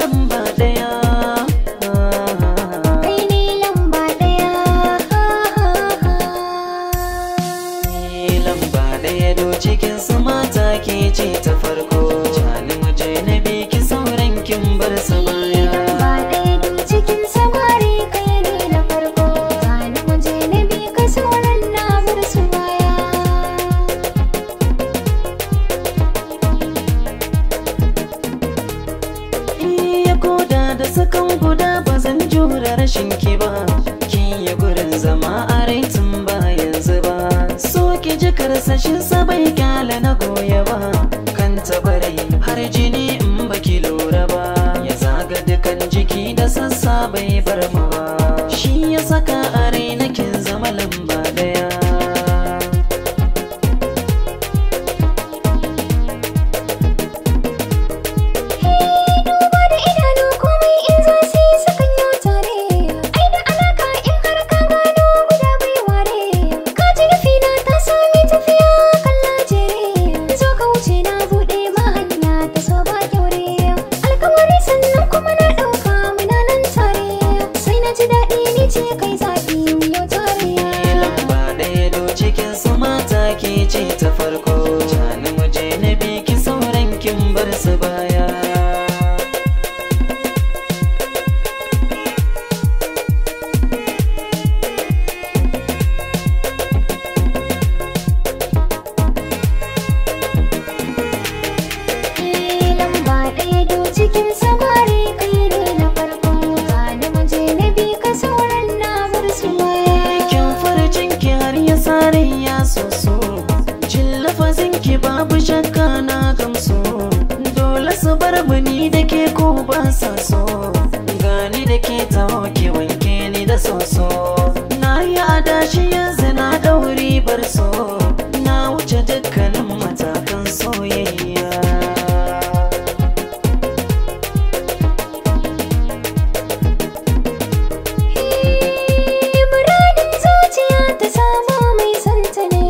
lamba ɗaya guda ba zan jura rashin ki ba kin yi gurin zama a raitin ba yanzu ba so ki ji karsashin sa bai na goya ba kan tabarai har jini in baki lura ba ya zaga dukan jiki da sassa bai bar ba shi ya saka a raina possible. soso na yi adashi yanzu na dauri bar na wuce dukkanin matakan soyayya Muranin zuciya ta samu mai santa ne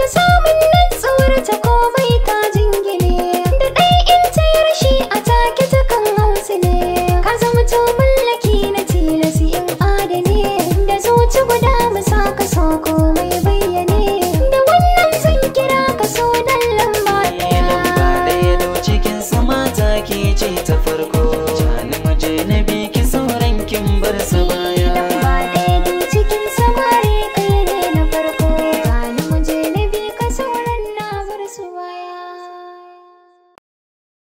da samun nan tsorata komai ta jingine da ɗai in ta yi a take ta kan hausu ne mu saka soko